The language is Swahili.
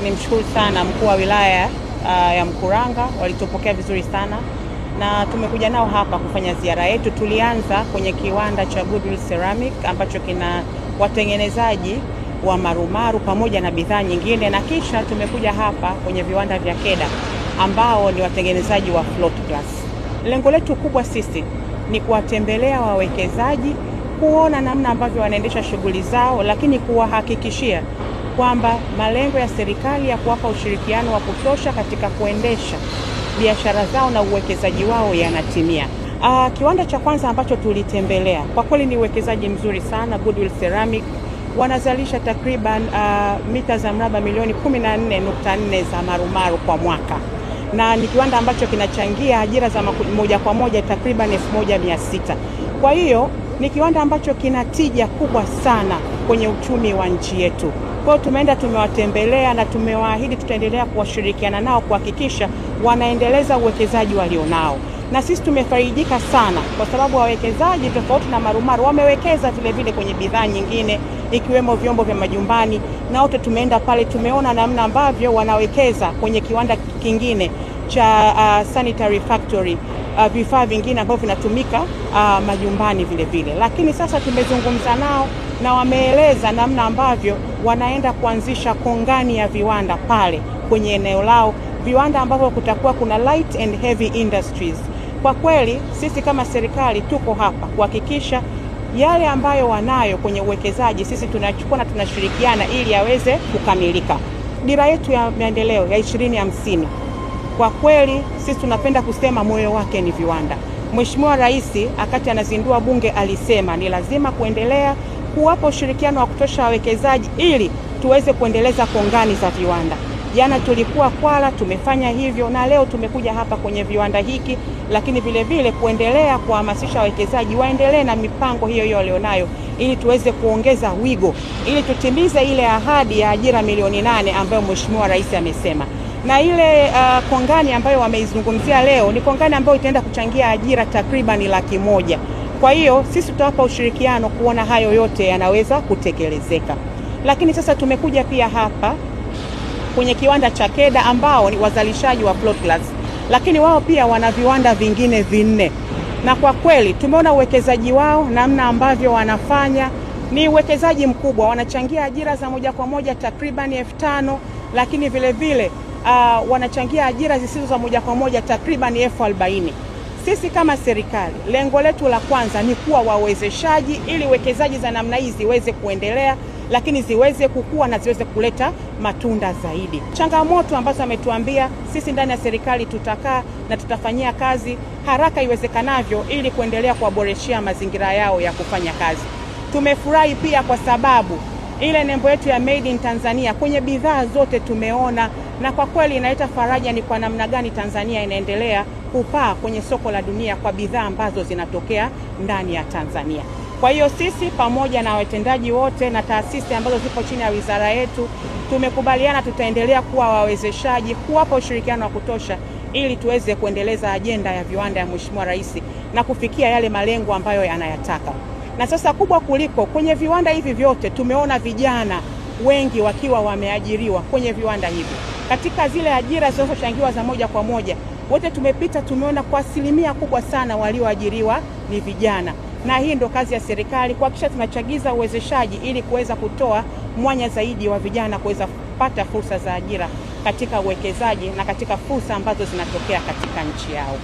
Nimshukuru sana mkuu wa wilaya uh, ya Mkuranga, walitupokea vizuri sana na tumekuja nao hapa kufanya ziara yetu. Tulianza kwenye kiwanda cha Goodwill Ceramic ambacho kina watengenezaji wa marumaru pamoja na bidhaa nyingine, na kisha tumekuja hapa kwenye viwanda vya KEDA ambao ni watengenezaji wa float glass. Lengo letu kubwa sisi ni kuwatembelea wawekezaji, kuona namna ambavyo wanaendesha shughuli zao, lakini kuwahakikishia kwamba malengo ya serikali ya kuwapa ushirikiano wa kutosha katika kuendesha biashara zao na uwekezaji wao yanatimia. Uh, kiwanda cha kwanza ambacho tulitembelea kwa kweli ni uwekezaji mzuri sana Goodwill Ceramic wanazalisha takriban uh, mita za mraba milioni 14.4 za marumaru kwa mwaka na ni kiwanda ambacho kinachangia ajira za moja kwa moja takriban 1600. Kwa hiyo ni kiwanda ambacho kina tija kubwa sana kwenye uchumi wa nchi yetu. Kwa hiyo tumeenda tumewatembelea na tumewaahidi tutaendelea kuwashirikiana nao kuhakikisha wanaendeleza uwekezaji walionao na sisi tumefaidika sana kwa sababu wawekezaji tofauti na marumaru wamewekeza vile vile kwenye bidhaa nyingine ikiwemo vyombo vya majumbani, na wote tumeenda pale tumeona namna ambavyo wanawekeza kwenye kiwanda kingine cha uh, sanitary factory uh, vifaa vingine ambavyo vinatumika uh, majumbani vile vile. Lakini sasa tumezungumza nao na wameeleza namna ambavyo wanaenda kuanzisha kongani ya viwanda pale kwenye eneo lao, viwanda ambavyo kutakuwa kuna light and heavy industries. Kwa kweli sisi kama serikali tuko hapa kuhakikisha yale ambayo wanayo kwenye uwekezaji sisi tunachukua na tunashirikiana ili yaweze kukamilika. Dira yetu ya maendeleo ya ishirini hamsini kwa kweli sisi tunapenda kusema moyo wake ni viwanda. Mheshimiwa Rais akati anazindua Bunge alisema ni lazima kuendelea kuwapo ushirikiano wa kutosha wawekezaji ili tuweze kuendeleza kongani za viwanda. Jana tulikuwa Kwala, tumefanya hivyo na leo tumekuja hapa kwenye viwanda hiki, lakini vile vile kuendelea kuhamasisha wawekezaji waendelee na mipango hiyo hiyo walionayo, ili tuweze kuongeza wigo, ili tutimize ile ahadi ya ajira milioni nane ambayo Mheshimiwa Rais amesema na ile uh, kongani ambayo wameizungumzia leo ni kongani ambayo itaenda kuchangia ajira takriban laki moja. Kwa hiyo sisi tutawapa ushirikiano kuona hayo yote yanaweza kutekelezeka, lakini sasa tumekuja pia hapa kwenye kiwanda cha KEDA ambao ni wazalishaji wa float glass, lakini wao pia wana viwanda vingine vinne, na kwa kweli tumeona uwekezaji wao namna ambavyo wanafanya ni uwekezaji mkubwa, wanachangia ajira za moja kwa moja takriban elfu tano lakini vilevile vile, uh, wanachangia ajira zisizo za moja kwa moja takriban elfu arobaini. Sisi kama serikali, lengo letu la kwanza ni kuwa wawezeshaji ili wekezaji za namna hii ziweze kuendelea, lakini ziweze kukua na ziweze kuleta matunda zaidi. Changamoto ambazo ametuambia sisi, ndani ya serikali tutakaa na tutafanyia kazi haraka iwezekanavyo, ili kuendelea kuwaboreshea mazingira yao ya kufanya kazi. Tumefurahi pia kwa sababu ile nembo yetu ya made in Tanzania kwenye bidhaa zote tumeona, na kwa kweli inaleta faraja ni kwa namna gani Tanzania inaendelea kupaa kwenye soko la dunia kwa bidhaa ambazo zinatokea ndani ya Tanzania. Kwa hiyo sisi pamoja na watendaji wote na taasisi ambazo zipo chini ya wizara yetu tumekubaliana tutaendelea kuwa wawezeshaji, kuwapa ushirikiano wa kutosha ili tuweze kuendeleza ajenda ya viwanda ya Mheshimiwa Rais na kufikia yale malengo ambayo yanayataka. Na sasa kubwa kuliko kwenye viwanda hivi vyote, tumeona vijana wengi wakiwa wameajiriwa kwenye viwanda hivi. Katika zile ajira zinazochangiwa za moja kwa moja, wote tumepita, tumeona kwa asilimia kubwa sana walioajiriwa ni vijana, na hii ndo kazi ya serikali kuhakikisha tunachagiza uwezeshaji ili kuweza kutoa mwanya zaidi wa vijana kuweza kupata fursa za ajira katika uwekezaji na katika fursa ambazo zinatokea katika nchi yao.